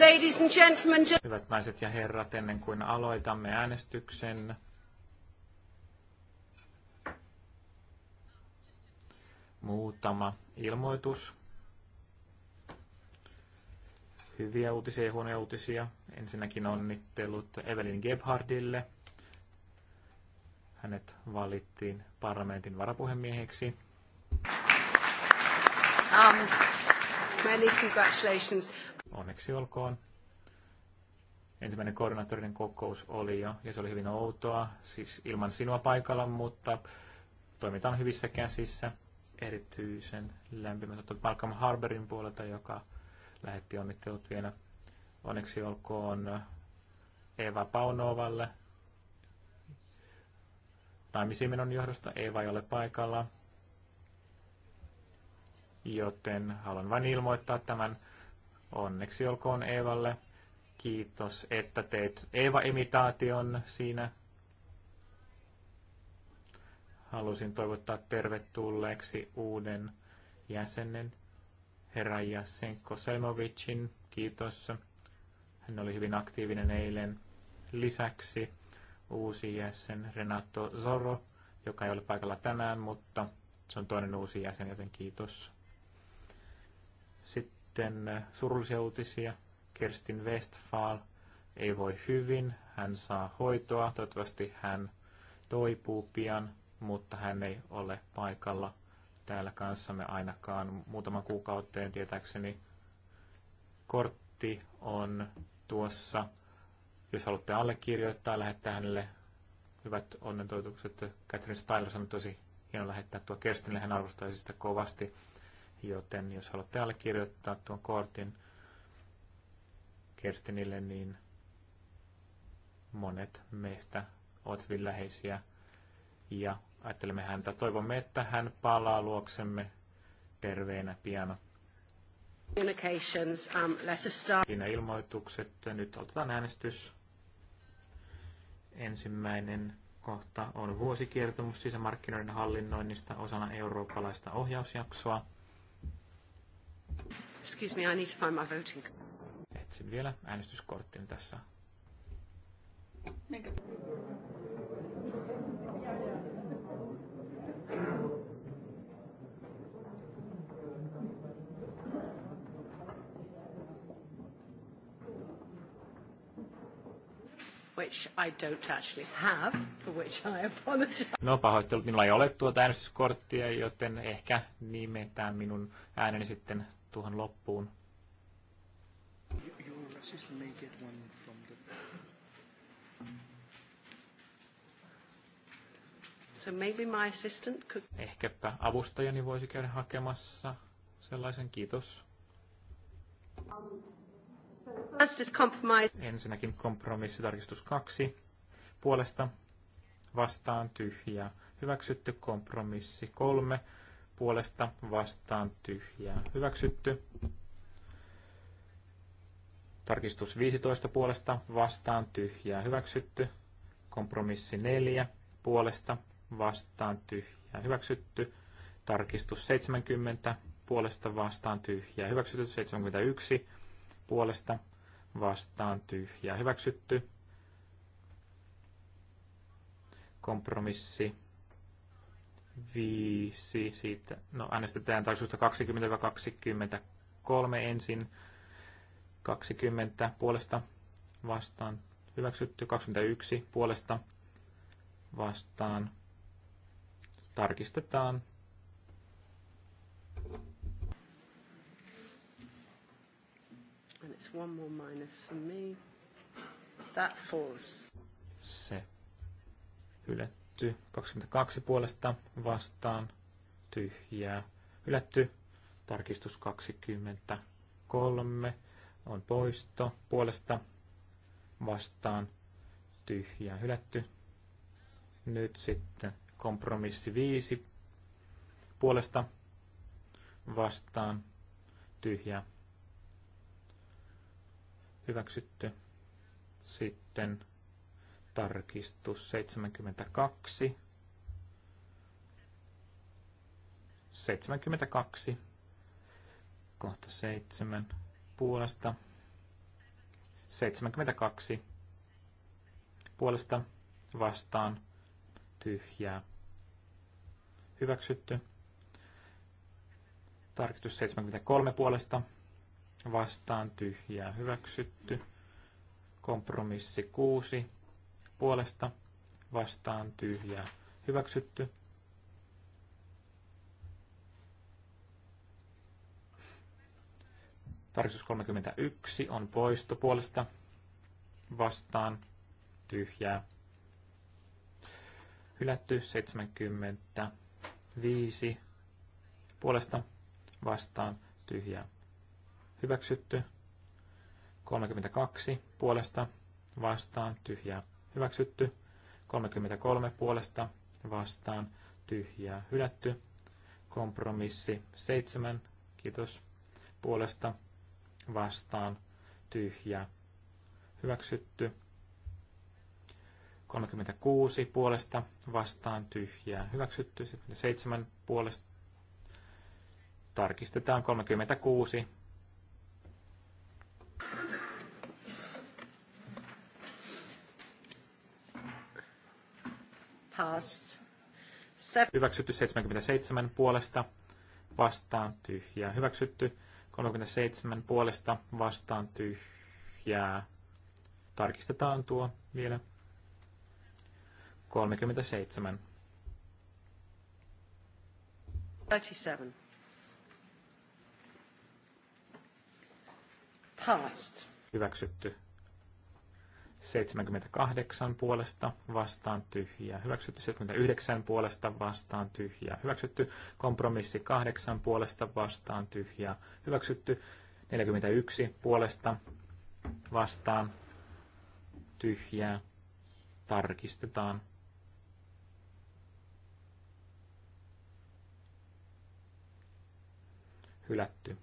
Ladies and gentlemen. Hyvät naiset ja herrat, ennen kuin aloitamme äänestyksen, muutama ilmoitus. Hyviä uutisia ja huonoja uutisia. Ensinnäkin onnittelut Evelyn Gebhardille. Hänet valittiin parlamentin varapuhemieheksi. Um, many congratulations. Onneksi olkoon. Ensimmäinen koordinaattorinen kokous oli jo, ja se oli hyvin outoa, siis ilman sinua paikalla, mutta toimitaan hyvissä käsissä. Erityisen lämpimät ottelut Malcolm Harberin puolelta, joka lähetti onnittelut vielä. Onneksi olkoon Eva Paunovalle. Naimisiin menon johdosta Eva ei ole paikalla, joten haluan vain ilmoittaa tämän Onneksi olkoon Eevalle. Kiitos, että teit Eeva-imitaation siinä. Halusin toivottaa tervetulleeksi uuden jäsenen, herra Jasenko Selmovicin. Kiitos. Hän oli hyvin aktiivinen eilen. Lisäksi uusi jäsen Renato Zorro, joka ei ole paikalla tänään, mutta se on toinen uusi jäsen, joten kiitos. Sitten sitten äh, surullisia uutisia. Kerstin Westfall ei voi hyvin, hän saa hoitoa, toivottavasti hän toipuu pian, mutta hän ei ole paikalla täällä kanssamme ainakaan muutaman kuukauteen tietääkseni. Kortti on tuossa. Jos haluatte allekirjoittaa, lähettää hänelle hyvät onnentoitukset. Catherine Styler on tosi hieno lähettää tuo Kerstinille, hän arvostaisi sitä kovasti. Joten jos haluatte allekirjoittaa tuon kortin Kerstinille, niin monet meistä ovat hyvin läheisiä ja ajattelemme häntä. Toivomme, että hän palaa luoksemme terveenä pian. Communications, um, let us start. Siinä ilmoitukset. Nyt otetaan äänestys. Ensimmäinen kohta on vuosikertomus sisämarkkinoiden hallinnoinnista osana eurooppalaista ohjausjaksoa. Excuse me, I need to find my voting. Etsin vielä äänestyskorttin tässä. Minkä? which I don't actually have, for which I apologize. No pahoittelut, minulla ei ole tuota äänestyskorttia, joten ehkä nimetään minun ääneni sitten tuohon loppuun. So maybe my assistant could... Ehkäpä avustajani voisi käydä hakemassa sellaisen. Kiitos. First is compromise. Ensinnäkin kompromissitarkistus kaksi. Puolesta vastaan tyhjä. Hyväksytty kompromissi kolme puolesta vastaan tyhjää hyväksytty. Tarkistus 15 puolesta vastaan tyhjää hyväksytty. Kompromissi 4 puolesta vastaan tyhjää hyväksytty. Tarkistus 70 puolesta vastaan tyhjää hyväksytty. 71 puolesta vastaan tyhjää hyväksytty. Kompromissi viisi siitä. No äänestetään tarkistusta 20-23 ensin. 20 puolesta vastaan hyväksytty, 21 puolesta vastaan tarkistetaan. And it's one more minus for me. That falls. Se hylätty hylätty, 22 puolesta vastaan, tyhjää, hylätty, tarkistus 23 on poisto, puolesta vastaan, tyhjää, hylätty. Nyt sitten kompromissi 5 puolesta vastaan, tyhjä hyväksytty. Sitten tarkistus 72. 72. Kohta 7 puolesta. 72 puolesta vastaan tyhjää. Hyväksytty. Tarkistus 73 puolesta vastaan tyhjää. Hyväksytty. Kompromissi 6 puolesta vastaan tyhjää hyväksytty. Tarkistus 31 on poisto puolesta vastaan tyhjää hylätty 75 puolesta vastaan tyhjää hyväksytty 32 puolesta vastaan tyhjää hyväksytty. 33 puolesta vastaan tyhjää hylätty. Kompromissi 7, kiitos, puolesta vastaan tyhjää hyväksytty. 36 puolesta vastaan tyhjää hyväksytty. 7 puolesta tarkistetaan 36 passed. Hyväksytty 77 puolesta vastaan tyhjää. Hyväksytty 37 puolesta vastaan tyhjää. Tarkistetaan tuo vielä. 37. 37. Passed. Hyväksytty. 78 puolesta vastaan tyhjä, hyväksytty, 79 puolesta vastaan tyhjä, hyväksytty, kompromissi 8 puolesta vastaan tyhjä, hyväksytty, 41 puolesta vastaan tyhjää tarkistetaan. Hylätty.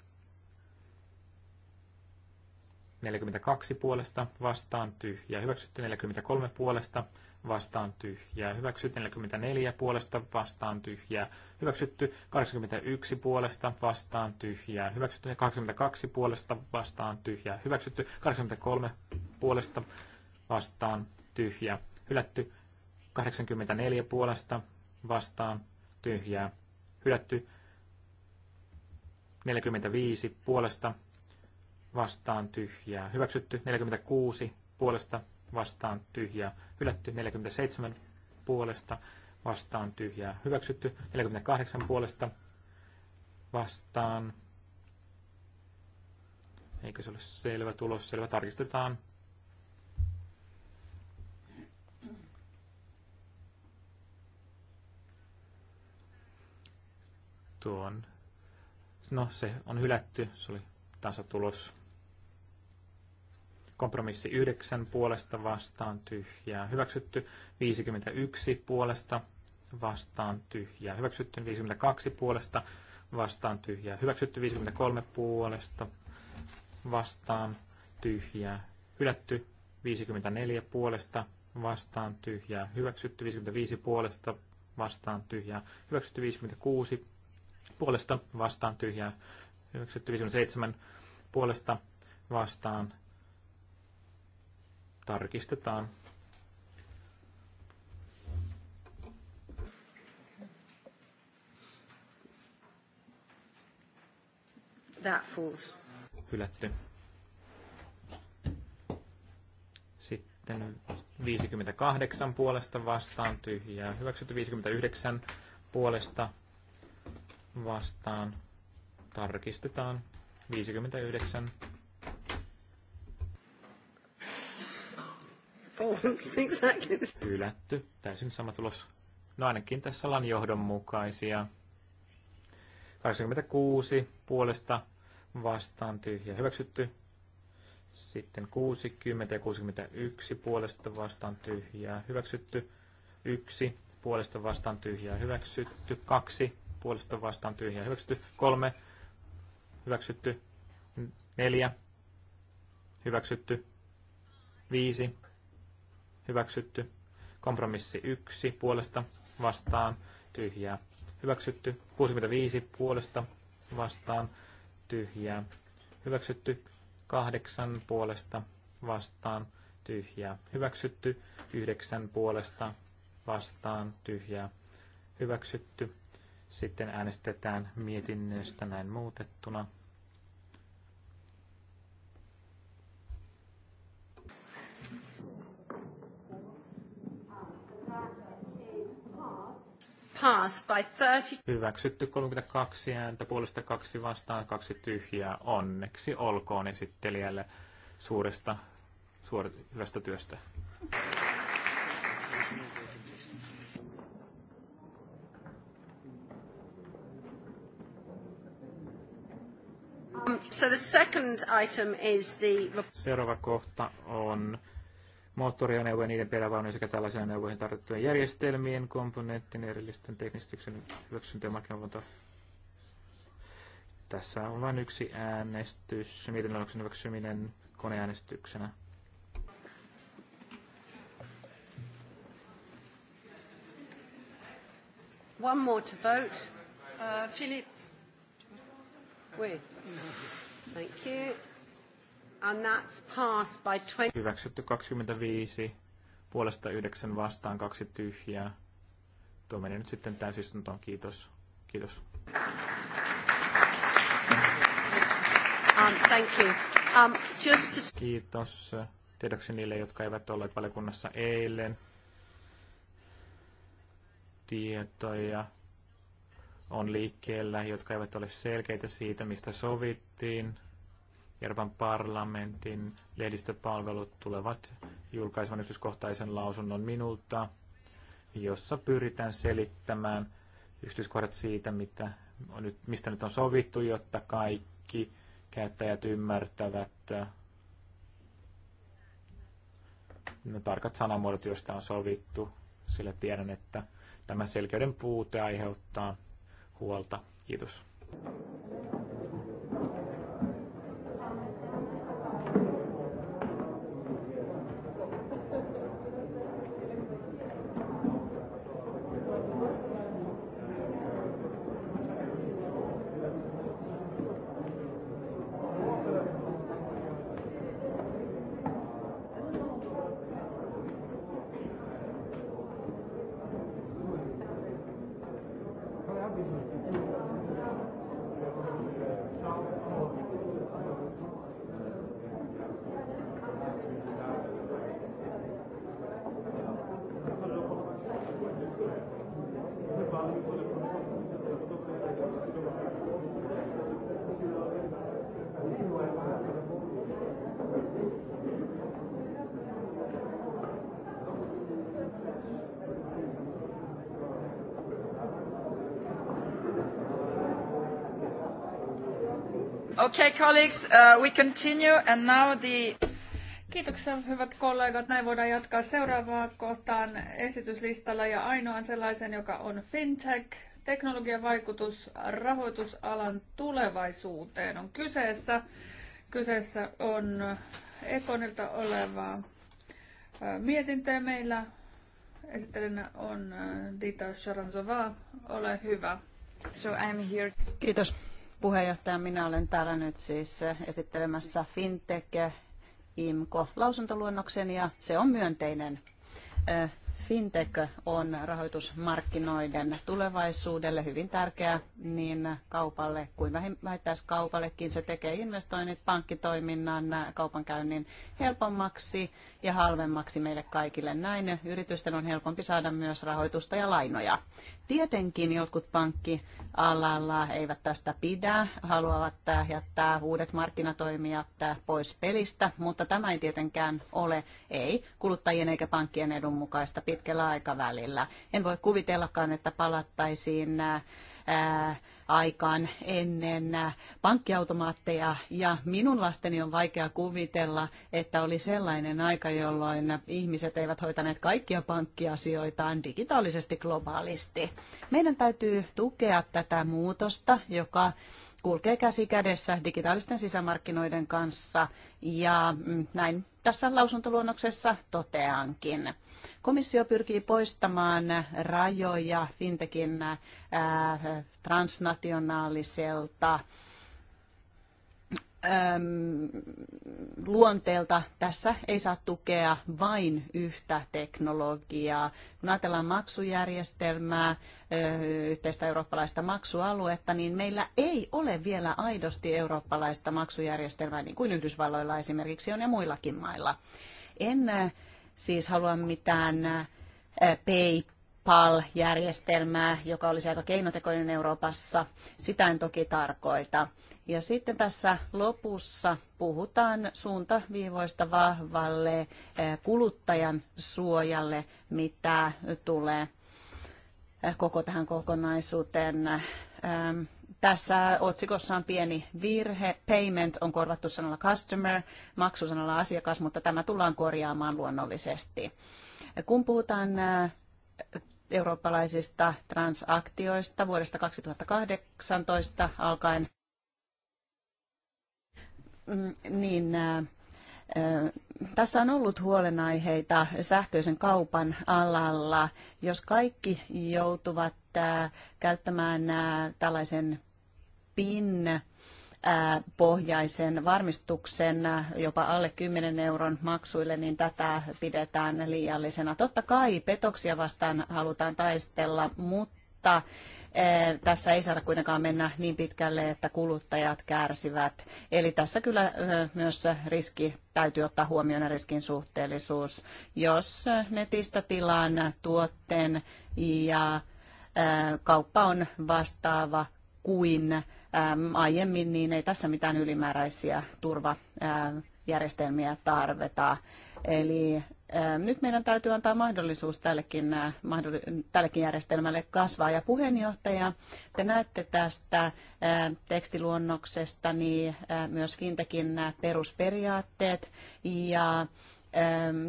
42 puolesta vastaan tyhjää hyväksytty, 43 puolesta vastaan tyhjää hyväksytty, 44 puolesta vastaan tyhjää hyväksytty, 81 puolesta vastaan tyhjää hyväksytty, 82 puolesta vastaan tyhjää hyväksytty, 83 puolesta vastaan tyhjää hylätty, 84 puolesta vastaan tyhjää hylätty, 45 puolesta vastaan tyhjää. Hyväksytty 46 puolesta vastaan tyhjää. Hylätty 47 puolesta vastaan tyhjää. Hyväksytty 48 puolesta vastaan. Eikö se ole selvä tulos? Selvä. Tarkistetaan. Tuon. No se on hylätty. Se oli tasatulos. Kompromissi 9 puolesta vastaan tyhjää hyväksytty. 51 puolesta vastaan tyhjää hyväksytty. 52 puolesta vastaan tyhjää hyväksytty. 53 puolesta vastaan tyhjää hylätty. 54 puolesta vastaan tyhjää hyväksytty. 55 puolesta vastaan tyhjää hyväksytty. 56 puolesta vastaan tyhjää hyväksytty. 57 puolesta vastaan tarkistetaan. That falls. Hylätty. Sitten 58 puolesta vastaan tyhjää. Hyväksytty 59 puolesta vastaan. Tarkistetaan. 59. False, exactly. Hylätty. Täysin sama tulos. No ainakin tässä ollaan johdonmukaisia. 86 puolesta vastaan tyhjä hyväksytty. Sitten 60 ja 61 puolesta vastaan tyhjää hyväksytty. 1 puolesta vastaan tyhjää hyväksytty. 2 puolesta vastaan tyhjää hyväksytty. 3 hyväksytty. 4 hyväksytty. 5 hyväksytty. Kompromissi 1 puolesta vastaan tyhjää hyväksytty. 65 puolesta vastaan tyhjää hyväksytty. 8 puolesta vastaan tyhjää hyväksytty. 9 puolesta vastaan tyhjää hyväksytty. Sitten äänestetään mietinnöstä näin muutettuna. passed by 30. Hyväksytty 32 ääntä, puolesta kaksi vastaan, kaksi tyhjää. Onneksi olkoon esittelijälle suuresta, suor, hyvästä työstä. Um, so the second item is the... Seuraava kohta on moottoriajoneuvojen, niiden perävaunujen sekä tällaisen ajoneuvoihin tarvittujen järjestelmien, komponenttien, erillisten teknistyksen hyväksyntä ja Tässä on vain yksi äänestys, mietinnöllisen hyväksyminen koneäänestyksenä. One more to vote. Uh, Philip. Oui. Thank you. And that's passed by 20. Hyväksytty 25, puolesta 9 vastaan, kaksi tyhjää. Tuo meni nyt sitten täysistuntoon. Kiitos. Kiitos. Um, thank you. Um, just to... Kiitos. Tiedoksi niille, jotka eivät olleet valiokunnassa eilen. Tietoja on liikkeellä, jotka eivät ole selkeitä siitä, mistä sovittiin Euroopan parlamentin lehdistöpalvelut tulevat julkaisemaan yksityiskohtaisen lausunnon minulta, jossa pyritään selittämään yksityiskohdat siitä, mitä on nyt, mistä nyt on sovittu, jotta kaikki käyttäjät ymmärtävät äh, ne tarkat sanamuodot, joista on sovittu, sillä tiedän, että tämä selkeyden puute aiheuttaa huolta. Kiitos. Okay, colleagues, uh, we continue and now the... Kiitoksia hyvät kollegat. Näin voidaan jatkaa seuraavaa kohtaan esityslistalla ja ainoan sellaisen, joka on FinTech. Teknologian vaikutus rahoitusalan tulevaisuuteen on kyseessä. Kyseessä on Ekonilta oleva mietintö meillä esittelenä on Dita Sharanzova. Ole hyvä. So I'm here. Kiitos puheenjohtaja. Minä olen täällä nyt siis eh, esittelemässä FinTech eh, IMCO-lausuntoluennoksen ja se on myönteinen eh, fintech on rahoitusmarkkinoiden tulevaisuudelle hyvin tärkeä niin kaupalle kuin vähittäiskaupallekin. Se tekee investoinnit, pankkitoiminnan, kaupankäynnin helpommaksi ja halvemmaksi meille kaikille. Näin yritysten on helpompi saada myös rahoitusta ja lainoja. Tietenkin jotkut pankkialalla eivät tästä pidä, haluavat jättää uudet markkinatoimijat pois pelistä, mutta tämä ei tietenkään ole ei kuluttajien eikä pankkien edun mukaista pitkällä aikavälillä. En voi kuvitellakaan, että palattaisiin aikaan ennen pankkiautomaatteja ja minun lasteni on vaikea kuvitella, että oli sellainen aika, jolloin ihmiset eivät hoitaneet kaikkia pankkiasioitaan digitaalisesti globaalisti. Meidän täytyy tukea tätä muutosta, joka kulkee käsi kädessä digitaalisten sisämarkkinoiden kanssa ja mm, näin tässä lausuntoluonnoksessa toteankin. Komissio pyrkii poistamaan rajoja fintekin äh, transnationaaliselta äm, luonteelta tässä ei saa tukea vain yhtä teknologiaa. Kun ajatellaan maksujärjestelmää, yhteistä eurooppalaista maksualuetta, niin meillä ei ole vielä aidosti eurooppalaista maksujärjestelmää, niin kuin Yhdysvalloilla esimerkiksi on ja muillakin mailla. En siis halua mitään PayPal-järjestelmää, joka olisi aika keinotekoinen Euroopassa. Sitä en toki tarkoita ja sitten tässä lopussa puhutaan suuntaviivoista vahvalle eh, kuluttajan suojalle, mitä tulee eh, koko tähän kokonaisuuteen. Ehm, tässä otsikossa on pieni virhe. Payment on korvattu sanalla customer, maksusanalla asiakas, mutta tämä tullaan korjaamaan luonnollisesti. Kun puhutaan eh, eurooppalaisista transaktioista vuodesta 2018 alkaen, Mm, niin äh, äh, tässä on ollut huolenaiheita sähköisen kaupan alalla. Jos kaikki joutuvat äh, käyttämään tällaisen PIN, pohjaisen varmistuksen jopa alle 10 euron maksuille, niin tätä pidetään liiallisena. Totta kai petoksia vastaan halutaan taistella, mutta Eh, tässä ei saada kuitenkaan mennä niin pitkälle, että kuluttajat kärsivät. Eli tässä kyllä eh, myös riski täytyy ottaa huomioon ja riskin suhteellisuus. Jos eh, netistä tilaan tuotteen ja kauppa on vastaava kuin aiemmin, niin ei tässä mitään ylimääräisiä turvajärjestelmiä tarvita. Eli nyt meidän täytyy antaa mahdollisuus tällekin, tällekin järjestelmälle kasvaa. Ja puheenjohtaja, te näette tästä tekstiluonnoksesta niin myös fintekin perusperiaatteet ja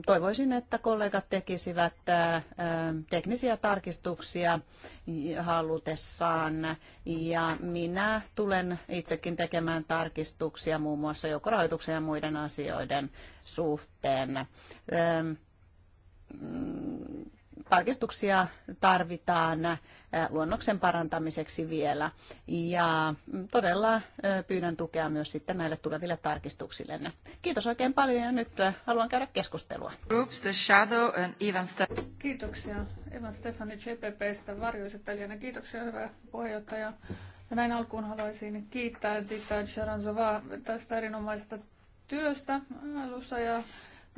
Toivoisin, että kollegat tekisivät teknisiä tarkistuksia halutessaan ja minä tulen itsekin tekemään tarkistuksia muun muassa joko ja muiden asioiden suhteen tarkistuksia tarvitaan äh, luonnoksen parantamiseksi vielä. Ja mm, todella äh, pyydän tukea myös sitten näille tuleville tarkistuksille. Kiitos oikein paljon ja nyt äh, haluan käydä keskustelua. the shadow and Kiitoksia Evan Stefani JPPstä varjoisettelijana. Kiitoksia hyvä puheenjohtaja. Ja näin alkuun haluaisin kiittää Dita Charanzovaa tästä erinomaisesta työstä alussa ja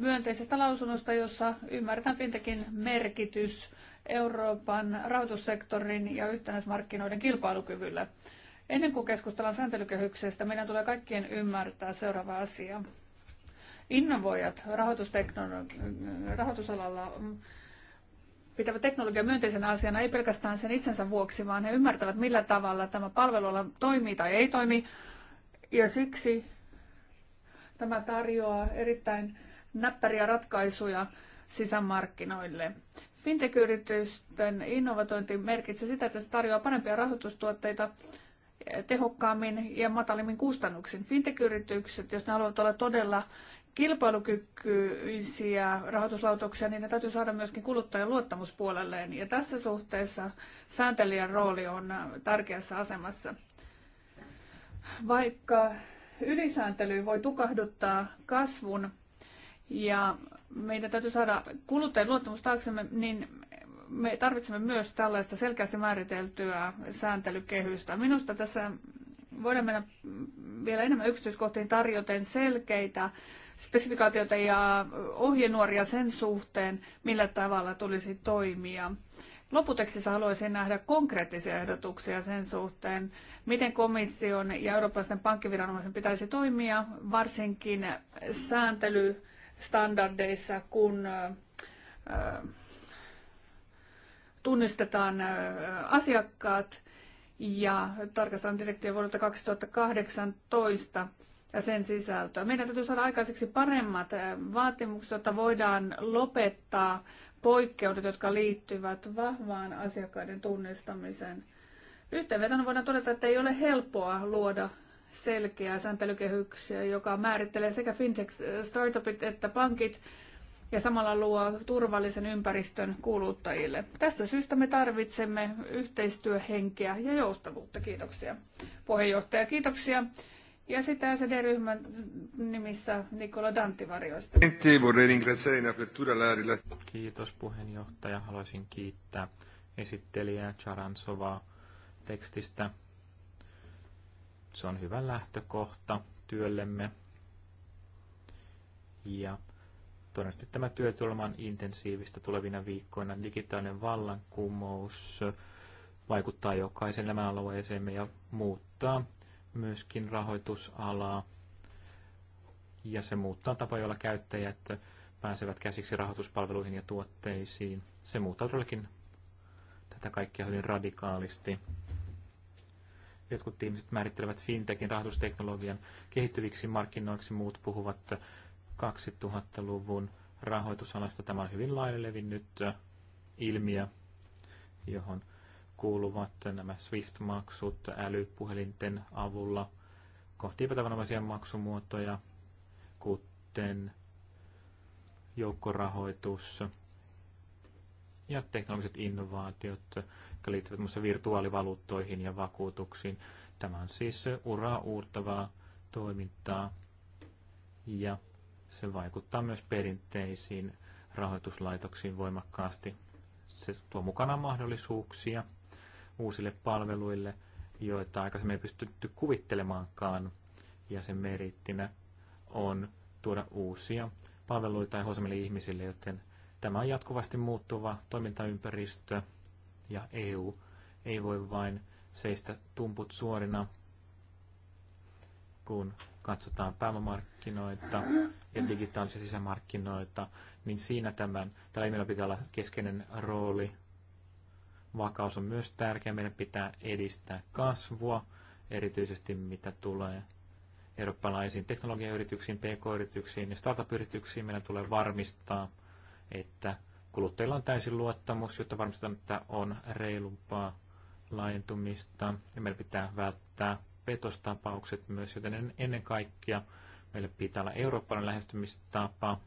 myönteisestä lausunnosta, jossa ymmärretään fintekin merkitys Euroopan rahoitussektorin ja yhtenäismarkkinoiden kilpailukyvylle. Ennen kuin keskustellaan sääntelykehyksestä, meidän tulee kaikkien ymmärtää seuraava asia. Innovoijat rahoitusalalla pitävät teknologian myönteisenä asiana ei pelkästään sen itsensä vuoksi, vaan he ymmärtävät, millä tavalla tämä palveluala toimii tai ei toimi. Ja siksi tämä tarjoaa erittäin näppäriä ratkaisuja sisämarkkinoille. Fintech-yritysten innovatointi merkitsee sitä, että se tarjoaa parempia rahoitustuotteita eh, tehokkaammin ja matalimmin kustannuksin. Fintech-yritykset, jos ne haluavat olla todella kilpailukykyisiä rahoituslautoksia, niin ne täytyy saada myöskin kuluttajan luottamuspuolelleen. Ja tässä suhteessa sääntelijän rooli on eh, tärkeässä asemassa. Vaikka ylisääntely voi tukahduttaa kasvun, ja meidän täytyy saada kuluttajien luottamus taaksemme, niin me tarvitsemme myös tällaista selkeästi määriteltyä sääntelykehystä. Minusta tässä voidaan mennä vielä enemmän yksityiskohtiin tarjoten selkeitä spesifikaatioita ja ohjenuoria sen suhteen, millä tavalla tulisi toimia. Loputekstissä haluaisin nähdä konkreettisia ehdotuksia sen suhteen, miten komission ja eurooppalaisten pankkiviranomaisen pitäisi toimia, varsinkin sääntely standardeissa, kun tunnistetaan asiakkaat ja tarkastetaan direktiivi vuodelta 2018 ja sen sisältöä. Meidän täytyy saada aikaiseksi paremmat vaatimukset, jotta voidaan lopettaa poikkeudet, jotka liittyvät vahvaan asiakkaiden tunnistamiseen. Yhteenvetona voidaan todeta, että ei ole helppoa luoda selkeää sääntelykehyksiä, joka määrittelee sekä fintech-startupit että pankit ja samalla luo turvallisen ympäristön kuluttajille. Tästä syystä me tarvitsemme yhteistyöhenkeä ja joustavuutta. Kiitoksia puheenjohtaja. Kiitoksia. Ja sitten SD-ryhmän nimissä Nikola Danttivarjoista. Kiitos puheenjohtaja. Haluaisin kiittää esittelijää Charansovaa tekstistä se on hyvä lähtökohta työllemme. Ja todennäköisesti tämä työ tulee intensiivistä tulevina viikkoina. Digitaalinen vallankumous vaikuttaa jokaisen alueeseemme ja muuttaa myöskin rahoitusalaa. Ja se muuttaa tapa, jolla käyttäjät pääsevät käsiksi rahoituspalveluihin ja tuotteisiin. Se muuttaa todellakin tätä kaikkea hyvin radikaalisti jotkut ihmiset määrittelevät fintechin rahoitusteknologian kehittyviksi markkinoiksi, muut puhuvat 2000-luvun rahoitusalasta. Tämä on hyvin laajalle levinnyt äh, ilmiö, johon kuuluvat nämä SWIFT-maksut älypuhelinten avulla kohti epätavanomaisia maksumuotoja, kuten joukkorahoitus, ja teknologiset innovaatiot, jotka liittyvät muun virtuaalivaluuttoihin ja vakuutuksiin. Tämä on siis uraa uurtavaa toimintaa ja se vaikuttaa myös perinteisiin rahoituslaitoksiin voimakkaasti. Se tuo mukana mahdollisuuksia uusille palveluille, joita aikaisemmin ei pystytty kuvittelemaankaan. Ja sen merittinä on tuoda uusia palveluita ja ihmisille, joten Tämä on jatkuvasti muuttuva toimintaympäristö ja EU ei voi vain seistä tumput suorina, kun katsotaan pääomamarkkinoita ja digitaalisia sisämarkkinoita, niin siinä tämän, tällä meillä pitää olla keskeinen rooli. Vakaus on myös tärkeä. Meidän pitää edistää kasvua, erityisesti mitä tulee eurooppalaisiin teknologiayrityksiin, pk-yrityksiin ja startup-yrityksiin. Meidän tulee varmistaa, että kuluttajilla on täysin luottamus, jotta varmistetaan, että on reilumpaa laajentumista. Ja meillä pitää välttää petostapaukset myös, joten ennen kaikkea meillä pitää olla eurooppalainen lähestymistapa,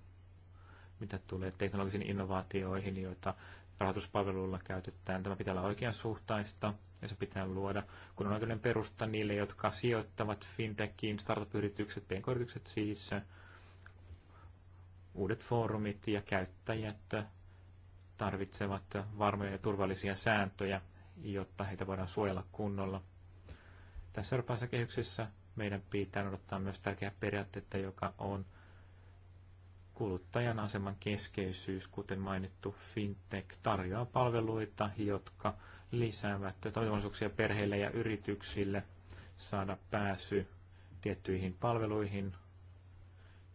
mitä tulee teknologisiin innovaatioihin, joita rahoituspalveluilla käytetään. Tämä pitää olla oikeansuhtaista ja se pitää luoda, kun on oikeuden perusta niille, jotka sijoittavat fintechiin, startup-yritykset, pk-yritykset siis, uudet foorumit ja käyttäjät tarvitsevat varmoja ja turvallisia sääntöjä, jotta heitä voidaan suojella kunnolla. Tässä Euroopassa kehyksessä meidän pitää odottaa myös tärkeää periaatteita, joka on kuluttajan aseman keskeisyys, kuten mainittu fintech, tarjoaa palveluita, jotka lisäävät toimivallisuuksia perheille ja yrityksille saada pääsy tiettyihin palveluihin.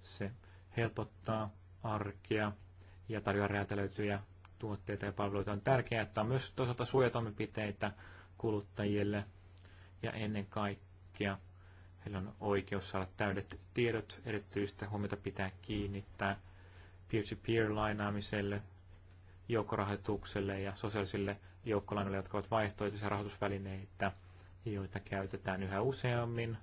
Se helpottaa arkea ja tarjoaa räätälöityjä tuotteita ja palveluita. On tärkeää, että on myös toisaalta suojatoimenpiteitä kuluttajille ja ennen kaikkea heillä on oikeus saada täydet tiedot. Erityistä huomiota pitää kiinnittää peer-to-peer-lainaamiselle, joukkorahoitukselle ja sosiaalisille joukkolainoille, jotka ovat vaihtoehtoisia rahoitusvälineitä, joita käytetään yhä useammin.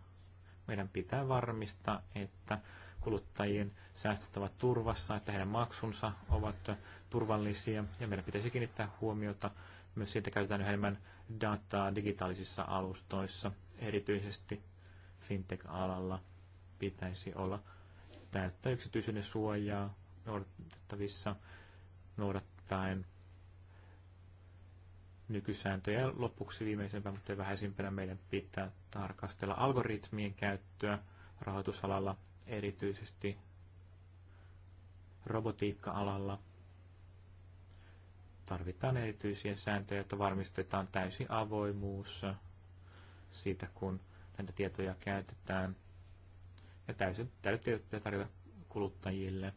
Meidän pitää varmistaa, että kuluttajien säästöt ovat turvassa, että heidän maksunsa ovat turvallisia ja meidän pitäisi kiinnittää huomiota myös siitä käytetään enemmän dataa digitaalisissa alustoissa, erityisesti fintech-alalla pitäisi olla täyttä yksityisyyden suojaa noudatettavissa noudattaen nykysääntöjä. lopuksi viimeisempänä, mutta vähäisimpänä meidän pitää tarkastella algoritmien käyttöä rahoitusalalla erityisesti robotiikka-alalla tarvitaan erityisiä sääntöjä, että varmistetaan täysi avoimuus siitä, kun näitä tietoja käytetään ja täysin täydet tietoja tarjota kuluttajille.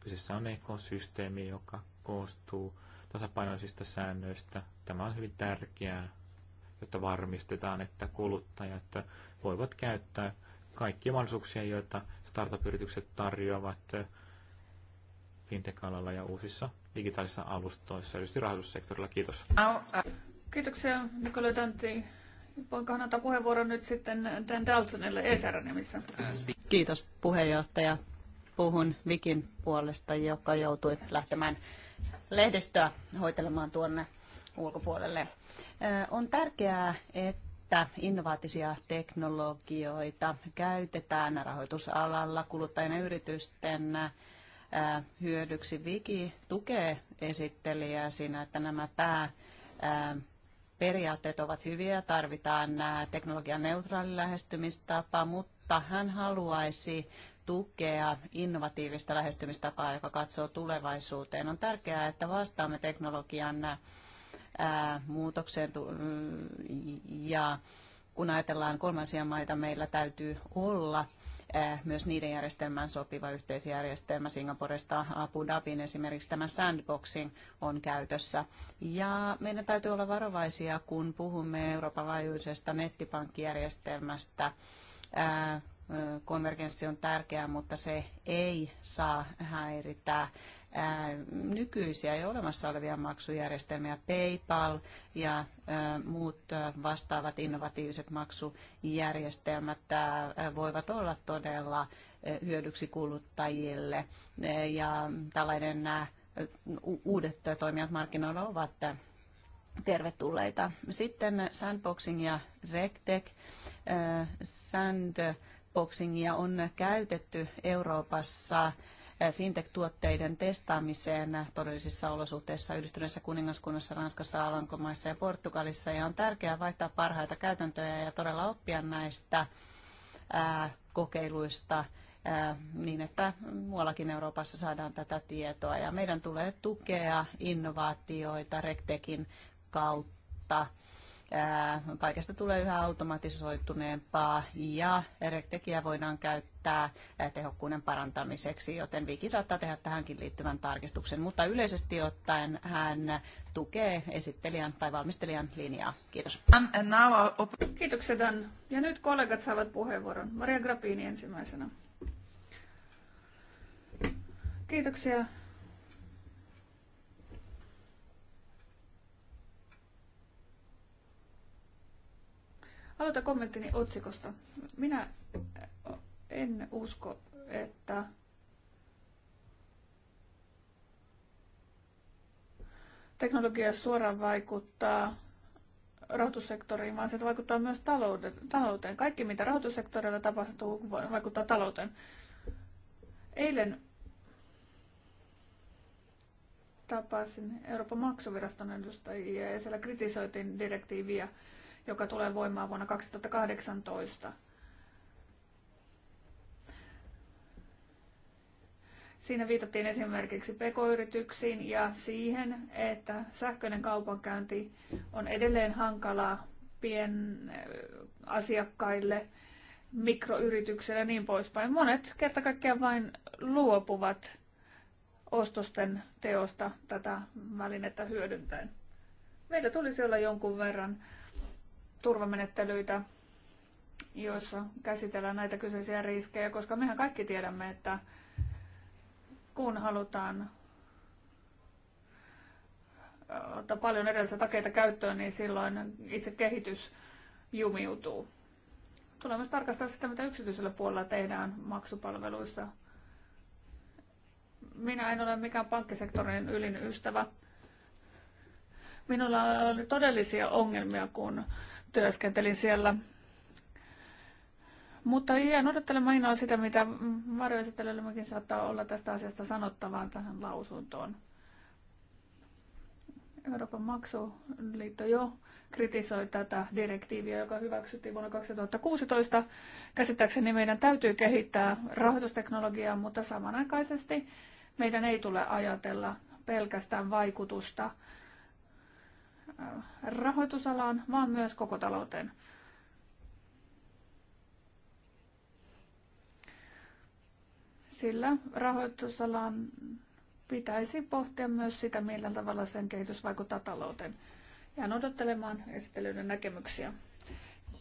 Kyseessä on ekosysteemi, joka koostuu tasapainoisista säännöistä. Tämä on hyvin tärkeää, jotta varmistetaan, että kuluttajat voivat käyttää kaikkia mahdollisuuksia, joita startup-yritykset tarjoavat fintech-alalla ja uusissa digitaalisissa alustoissa, erityisesti rahoitussektorilla. Kiitos. Kiitoksia Nikola Tantti. Voinkohan antaa puheenvuoron nyt sitten Dan Daltonille ESR nimissä. Kiitos puheenjohtaja. Puhun Vikin puolesta, joka joutui lähtemään lehdistöä hoitelemaan tuonne ulkopuolelle. On tärkeää, että että innovaatisia teknologioita käytetään rahoitusalalla kuluttajien ja yritysten hyödyksi. Viki tukee esittelijää siinä, että nämä pää periaatteet ovat hyviä, tarvitaan teknologian neutraali lähestymistapa, mutta hän haluaisi tukea innovatiivista lähestymistapaa, joka katsoo tulevaisuuteen. On tärkeää, että vastaamme teknologian muutokseen mm, ja kun ajatellaan kolmansia maita, meillä täytyy olla myös niiden järjestelmään sopiva yhteisjärjestelmä. Singaporesta Abu Dhabin esimerkiksi tämä sandboxing on käytössä. Ja meidän täytyy olla varovaisia, kun puhumme Euroopan laajuisesta nettipankkijärjestelmästä. Konvergenssi on tärkeää, mutta se ei saa häiritä nykyisiä ja olemassa olevia maksujärjestelmiä, PayPal ja muut vastaavat innovatiiviset maksujärjestelmät voivat olla todella hyödyksi kuluttajille ja tällainen nämä uudet toimijat markkinoilla ovat tervetulleita. Sitten sandboxing ja regtech. Sandboxingia on käytetty Euroopassa fintech-tuotteiden testaamiseen todellisissa olosuhteissa yhdistyneessä kuningaskunnassa, Ranskassa, Alankomaissa ja Portugalissa. Ja on tärkeää vaihtaa parhaita käytäntöjä ja todella oppia näistä kokeiluista niin, että muuallakin Euroopassa saadaan tätä tietoa. Ja meidän tulee tukea innovaatioita Rektekin kautta Kaikesta tulee yhä automatisoituneempaa ja rektekiä voidaan käyttää tehokkuuden parantamiseksi, joten Viki saattaa tehdä tähänkin liittyvän tarkistuksen, mutta yleisesti ottaen hän tukee esittelijän tai valmistelijan linjaa. Kiitos. Kiitoksia Dan. Ja nyt kollegat saavat puheenvuoron. Maria Grappini ensimmäisenä. Kiitoksia Aloita kommenttini otsikosta. Minä eh, en usko, että teknologia suoraan vaikuttaa rahoitussektoriin, vaan se vaikuttaa myös talouteen. Kaikki, mitä rahoitussektorilla tapahtuu, vaikuttaa talouteen. Eilen tapasin Euroopan maksuviraston edustajia ja siellä kritisoitiin direktiiviä joka tulee voimaan vuonna 2018. Siinä viitattiin esimerkiksi pk-yrityksiin ja siihen, että sähköinen kaupankäynti on edelleen hankalaa pienasiakkaille, äh, mikroyrityksille ja niin poispäin. Monet kerta kaikkiaan vain luopuvat ostosten teosta tätä välinettä hyödyntäen. Meillä tulisi olla jonkun verran turvamenettelyitä, joissa käsitellään näitä kyseisiä riskejä, koska mehän kaikki tiedämme, että kun halutaan äh, ottaa paljon erilaisia takeita käyttöön, niin silloin itse kehitys jumiutuu. Tulee myös tarkastaa sitä, mitä yksityisellä puolella tehdään maksupalveluissa. Minä en ole mikään pankkisektorin ylin ystävä. Minulla oli todellisia ongelmia, kun työskentelin siellä. Mutta jään odottelemaan innolla sitä, mitä varjoesittelijöilläkin saattaa olla tästä asiasta sanottavaa tähän lausuntoon. Euroopan maksuliitto jo kritisoi tätä direktiiviä, joka hyväksyttiin vuonna 2016. Käsittääkseni meidän täytyy kehittää rahoitusteknologiaa, mutta samanaikaisesti meidän ei tule ajatella pelkästään vaikutusta rahoitusalaan, vaan myös koko talouteen. Sillä rahoitusalan pitäisi pohtia myös sitä, millä tavalla sen kehitys vaikuttaa talouteen. Jään odottelemaan esittelyiden näkemyksiä.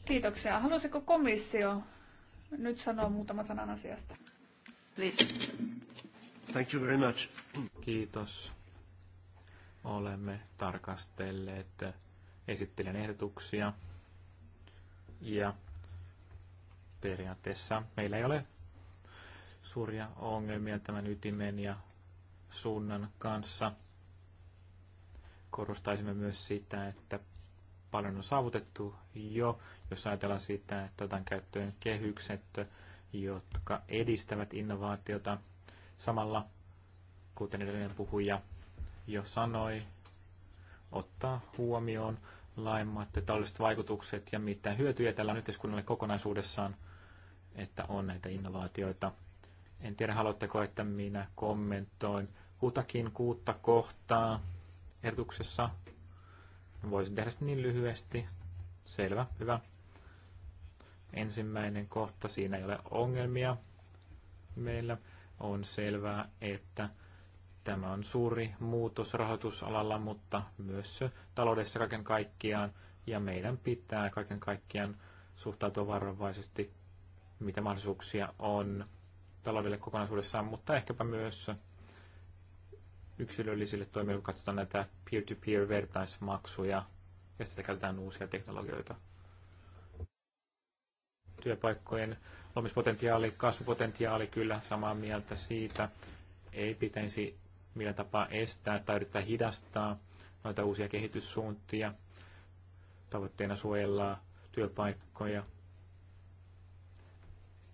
Kiitoksia. Haluaisiko komissio nyt sanoa muutama sanan asiasta? Please. Thank you very much. Kiitos olemme tarkastelleet esittelijän ehdotuksia. Ja periaatteessa meillä ei ole suuria ongelmia tämän ytimen ja suunnan kanssa. Korostaisimme myös sitä, että paljon on saavutettu jo, jos ajatellaan sitä, että otan käyttöön kehykset, jotka edistävät innovaatiota. Samalla, kuten edellinen puhuja jo sanoi, ottaa huomioon laajemmat taloudelliset vaikutukset ja mitä hyötyjä tällä on yhteiskunnalle kokonaisuudessaan, että on näitä innovaatioita. En tiedä, haluatteko, että minä kommentoin kutakin kuutta kohtaa ehdotuksessa. Voisin tehdä sitä niin lyhyesti. Selvä, hyvä. Ensimmäinen kohta, siinä ei ole ongelmia meillä. On selvää, että Tämä on suuri muutos rahoitusalalla, mutta myös taloudessa kaiken kaikkiaan. Ja meidän pitää kaiken kaikkiaan suhtautua varovaisesti, mitä mahdollisuuksia on taloudelle kokonaisuudessaan, mutta ehkäpä myös yksilöllisille toimijoille, kun katsotaan näitä peer-to-peer vertaismaksuja ja sitä käytetään uusia teknologioita. Työpaikkojen lomispotentiaali, kasvupotentiaali, kyllä samaa mieltä siitä. Ei pitäisi millä tapaa estää tai yrittää hidastaa noita uusia kehityssuuntia. Tavoitteena suojella työpaikkoja.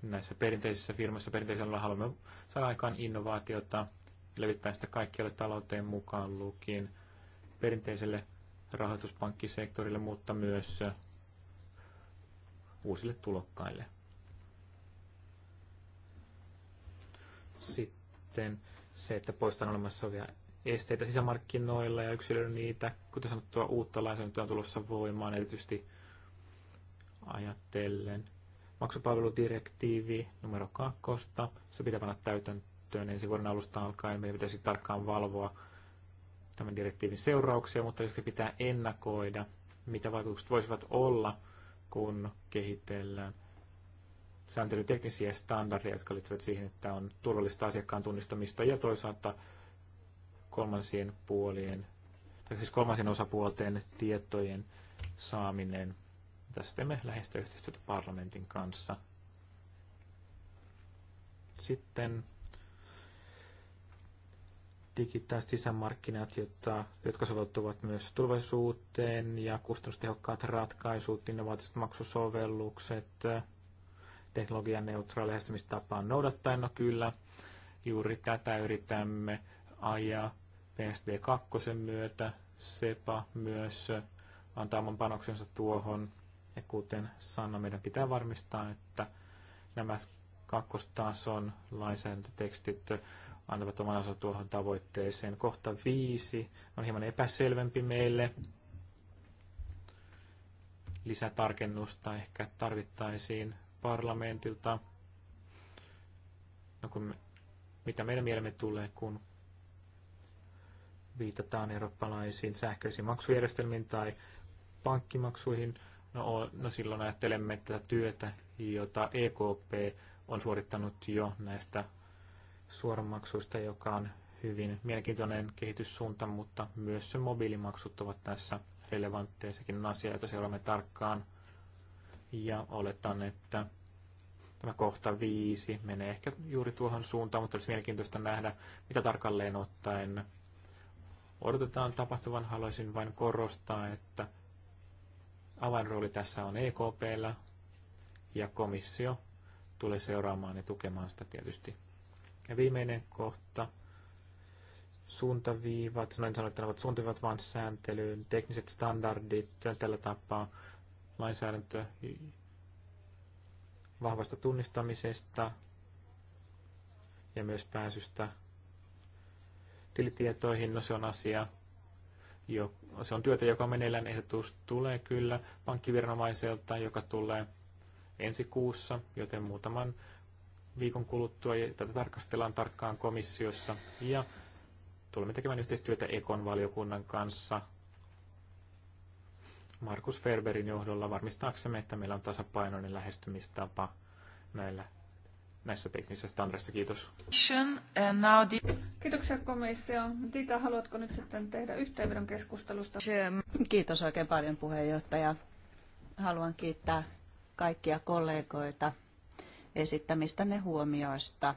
Näissä perinteisissä firmoissa perinteisellä haluamme saada aikaan innovaatiota, levittää sitä kaikkialle talouteen mukaan lukien perinteiselle rahoituspankkisektorille, mutta myös uusille tulokkaille. Sitten se, että poistetaan olemassa olevia esteitä sisämarkkinoilla ja yksilöidään niitä. Kuten sanottua, uutta lainsäädäntöä on tulossa voimaan, erityisesti ajatellen maksupalveludirektiivi numero kakkosta. Se pitää panna täytäntöön ensi vuoden alusta alkaen. Meidän pitäisi tarkkaan valvoa tämän direktiivin seurauksia, mutta jos pitää ennakoida, mitä vaikutukset voisivat olla, kun kehitellään sääntelyteknisiä standardeja, jotka liittyvät siihen, että on turvallista asiakkaan tunnistamista ja toisaalta kolmansien puolien, tai siis kolmansien osapuolten tietojen saaminen. Tässä teemme läheistä yhteistyötä parlamentin kanssa. Sitten digitaaliset sisämarkkinat, jotta, jotka soveltuvat myös turvallisuuteen ja kustannustehokkaat ratkaisut, innovaatiset maksusovellukset, teknologian neutraali lähestymistapaan noudattaen. No kyllä, juuri tätä yritämme ajaa PSD2 myötä. SEPA myös antaa oman panoksensa tuohon. Ja kuten Sanna, meidän pitää varmistaa, että nämä kakkostason lainsäädäntötekstit antavat oman osa tuohon tavoitteeseen. Kohta viisi on hieman epäselvempi meille. Lisätarkennusta ehkä tarvittaisiin parlamentilta, no kun me, mitä meidän mielemme tulee, kun viitataan eurooppalaisiin sähköisiin maksujärjestelmiin tai pankkimaksuihin, no, no silloin ajattelemme tätä työtä, jota EKP on suorittanut jo näistä suoramaksuista, joka on hyvin mielenkiintoinen kehityssuunta, mutta myös se mobiilimaksut ovat tässä relevantteja. Sekin on asia, jota seuraamme tarkkaan. Ja oletan, että tämä kohta viisi menee ehkä juuri tuohon suuntaan, mutta olisi mielenkiintoista nähdä, mitä tarkalleen ottaen odotetaan tapahtuvan. Haluaisin vain korostaa, että avainrooli tässä on EKPllä ja komissio tulee seuraamaan ja tukemaan sitä tietysti. Ja viimeinen kohta, suuntaviivat, no en että ne ovat suuntaviivat, vaan sääntelyyn, tekniset standardit tällä tapaa lainsäädäntö vahvasta tunnistamisesta ja myös pääsystä tilitietoihin. No se on asia, jo, se on työtä, joka meneillään ehdotus tulee kyllä pankkiviranomaiselta, joka tulee ensi kuussa, joten muutaman viikon kuluttua ja tätä tarkastellaan tarkkaan komissiossa ja tulemme tekemään yhteistyötä Ekon valiokunnan kanssa Markus Ferberin johdolla varmistaaksemme, että meillä on tasapainoinen lähestymistapa näillä näissä teknisissä standardeissa. Kiitos. Kiitoksia komissio. Dita, haluatko nyt sitten tehdä yhteenvedon keskustelusta? Kiitos oikein paljon puheenjohtaja. Haluan kiittää kaikkia kollegoita esittämistänne huomioista.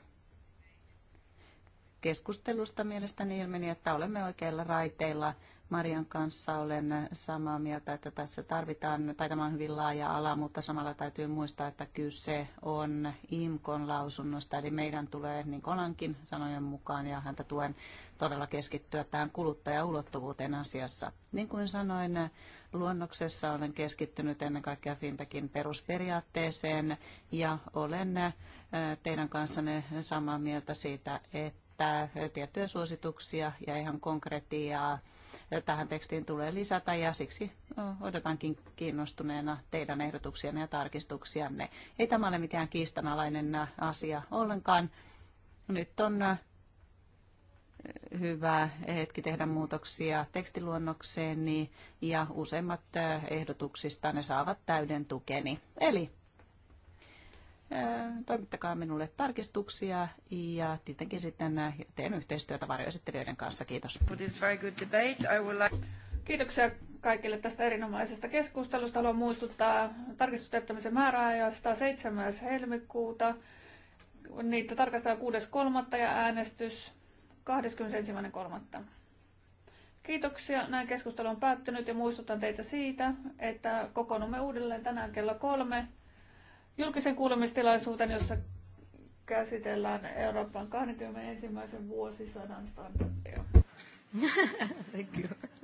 Keskustelusta mielestäni ilmeni, että olemme oikeilla raiteilla Marian kanssa olen samaa mieltä, että tässä tarvitaan, tai tämä on hyvin laaja ala, mutta samalla täytyy muistaa, että kyse on IMKon lausunnosta, eli meidän tulee Nikolankin niin sanojen mukaan, ja häntä tuen todella keskittyä tähän kuluttajaulottuvuuteen asiassa. Niin kuin sanoin, luonnoksessa olen keskittynyt ennen kaikkea Fintekin perusperiaatteeseen, ja olen teidän kanssanne samaa mieltä siitä, että tiettyjä suosituksia ja ihan konkretiaa tähän tekstiin tulee lisätä ja siksi odotankin kiinnostuneena teidän ehdotuksianne ja tarkistuksianne. Ei tämä ole mikään kiistanalainen asia ollenkaan. Nyt on hyvä hetki tehdä muutoksia tekstiluonnokseen niin, ja useimmat ehdotuksista ne saavat täyden tukeni. Eli toimittakaa minulle tarkistuksia ja tietenkin sitten teen yhteistyötä varjoesittelijöiden kanssa. Kiitos. Kiitoksia kaikille tästä erinomaisesta keskustelusta. Haluan muistuttaa tarkistustehtämisen määräajasta 7. helmikuuta. Niitä tarkastaa 6.3. ja äänestys 21.3. Kiitoksia. Näin keskustelu on päättynyt ja muistutan teitä siitä, että kokoonnumme uudelleen tänään kello kolme julkisen kuulemistilaisuuden, jossa käsitellään Euroopan 21. vuosisadan standardia. Thank you.